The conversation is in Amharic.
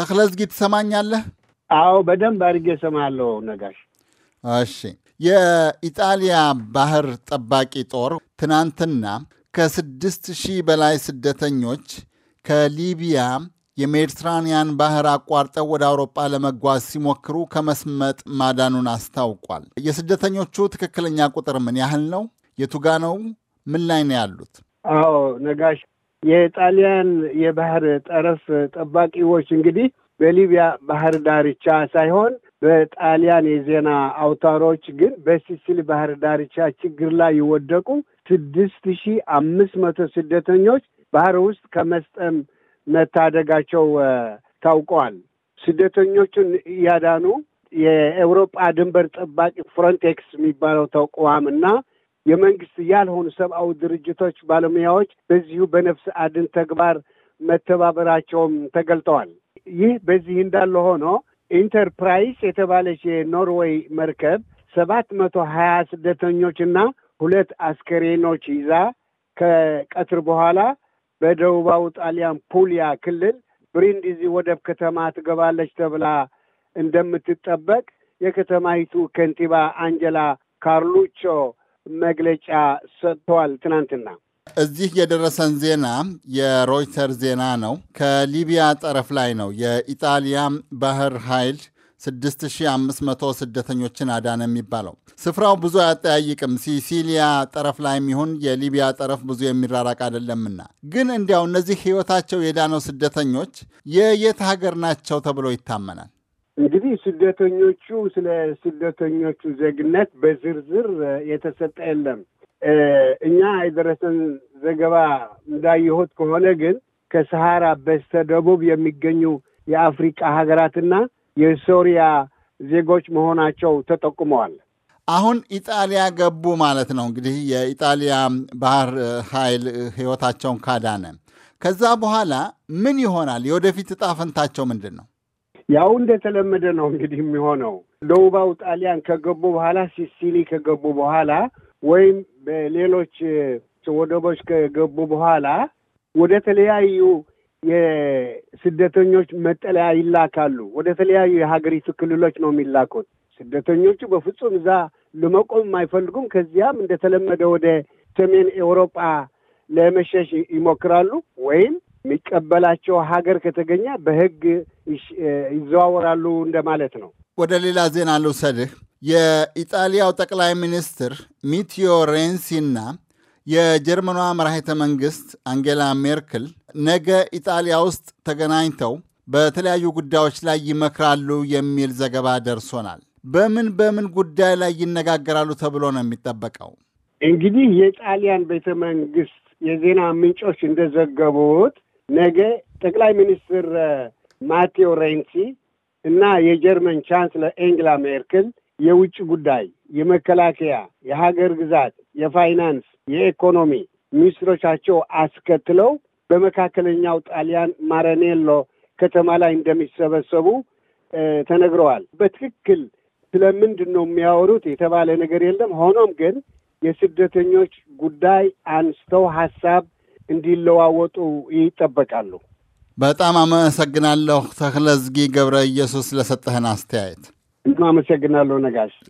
ተክለዝጊ ትሰማኛለህ? አዎ በደንብ አድርጌ እሰማለሁ ነጋሽ። እሺ የኢጣሊያ ባህር ጠባቂ ጦር ትናንትና ከስድስት ሺህ በላይ ስደተኞች ከሊቢያ የሜዲትራንያን ባህር አቋርጠው ወደ አውሮጳ ለመጓዝ ሲሞክሩ ከመስመጥ ማዳኑን አስታውቋል። የስደተኞቹ ትክክለኛ ቁጥር ምን ያህል ነው? የቱጋ ነው? ምን ላይ ነው ያሉት? አዎ ነጋሽ የጣሊያን የባህር ጠረፍ ጠባቂዎች እንግዲህ በሊቢያ ባህር ዳርቻ ሳይሆን በጣሊያን የዜና አውታሮች ግን በሲሲሊ ባህር ዳርቻ ችግር ላይ የወደቁ ስድስት ሺ አምስት መቶ ስደተኞች ባህር ውስጥ ከመስጠም መታደጋቸው ታውቀዋል። ስደተኞቹን እያዳኑ የኤውሮጳ ድንበር ጠባቂ ፍሮንቴክስ የሚባለው ተቋም እና የመንግስት ያልሆኑ ሰብአዊ ድርጅቶች ባለሙያዎች በዚሁ በነፍስ አድን ተግባር መተባበራቸውም ተገልጠዋል። ይህ በዚህ እንዳለ ሆኖ ኢንተርፕራይዝ የተባለች የኖርዌይ መርከብ ሰባት መቶ ሀያ ስደተኞችና ሁለት አስከሬኖች ይዛ ከቀትር በኋላ በደቡባዊ ጣሊያን ፑሊያ ክልል ብሪንዲዚ ወደብ ከተማ ትገባለች ተብላ እንደምትጠበቅ የከተማይቱ ከንቲባ አንጀላ ካርሉቾ መግለጫ ሰጥተዋል። ትናንትና እዚህ የደረሰን ዜና የሮይተር ዜና ነው። ከሊቢያ ጠረፍ ላይ ነው። የኢጣሊያ ባህር ኃይል 6500 ስደተኞችን አዳነ የሚባለው ስፍራው ብዙ አያጠያይቅም። ሲሲሊያ ጠረፍ ላይ የሚሆን የሊቢያ ጠረፍ ብዙ የሚራራቅ አይደለምና፣ ግን እንዲያው እነዚህ ሕይወታቸው የዳነው ስደተኞች የየት ሀገር ናቸው ተብሎ ይታመናል? እንግዲህ ስደተኞቹ ስለ ስደተኞቹ ዜግነት በዝርዝር የተሰጠ የለም። እኛ የደረሰን ዘገባ እንዳየሁት ከሆነ ግን ከሰሃራ በስተደቡብ የሚገኙ የአፍሪቃ ሀገራትና የሶሪያ ዜጎች መሆናቸው ተጠቁመዋል። አሁን ኢጣሊያ ገቡ ማለት ነው። እንግዲህ የኢጣሊያ ባህር ኃይል ህይወታቸውን ካዳነ ከዛ በኋላ ምን ይሆናል? የወደፊት እጣ ፈንታቸው ምንድን ነው? ያው እንደተለመደ ነው እንግዲህ የሚሆነው። ደቡባው ጣሊያን ከገቡ በኋላ ሲሲሊ ከገቡ በኋላ ወይም በሌሎች ወደቦች ከገቡ በኋላ ወደ ተለያዩ የስደተኞች መጠለያ ይላካሉ። ወደ ተለያዩ የሀገሪቱ ክልሎች ነው የሚላኩት። ስደተኞቹ በፍጹም እዛ ለመቆም አይፈልጉም። ከዚያም እንደተለመደ ወደ ሰሜን ኤውሮጳ ለመሸሽ ይሞክራሉ። ወይም የሚቀበላቸው ሀገር ከተገኘ በህግ። ይዘዋወራሉ እንደማለት ነው። ወደ ሌላ ዜና ልውሰድህ። የኢጣሊያው ጠቅላይ ሚኒስትር ሚቲዮ ሬንሲና የጀርመኗ መራሄተ መንግስት አንጌላ ሜርክል ነገ ኢጣሊያ ውስጥ ተገናኝተው በተለያዩ ጉዳዮች ላይ ይመክራሉ የሚል ዘገባ ደርሶናል። በምን በምን ጉዳይ ላይ ይነጋገራሉ ተብሎ ነው የሚጠበቀው? እንግዲህ የጣሊያን ቤተ መንግስት የዜና ምንጮች እንደዘገቡት ነገ ጠቅላይ ሚኒስትር ማቴዎ ሬንሲ እና የጀርመን ቻንስለር ኤንግላ ሜርክል የውጭ ጉዳይ፣ የመከላከያ፣ የሀገር ግዛት፣ የፋይናንስ፣ የኢኮኖሚ ሚኒስትሮቻቸው አስከትለው በመካከለኛው ጣሊያን ማረኔሎ ከተማ ላይ እንደሚሰበሰቡ ተነግረዋል። በትክክል ስለምንድን ነው የሚያወሩት የተባለ ነገር የለም። ሆኖም ግን የስደተኞች ጉዳይ አንስተው ሀሳብ እንዲለዋወጡ ይጠበቃሉ። በጣም አመሰግናለሁ ተክለዝጊ ገብረ ኢየሱስ ለሰጠህን አስተያየት። አመሰግናለሁ ነጋሽ።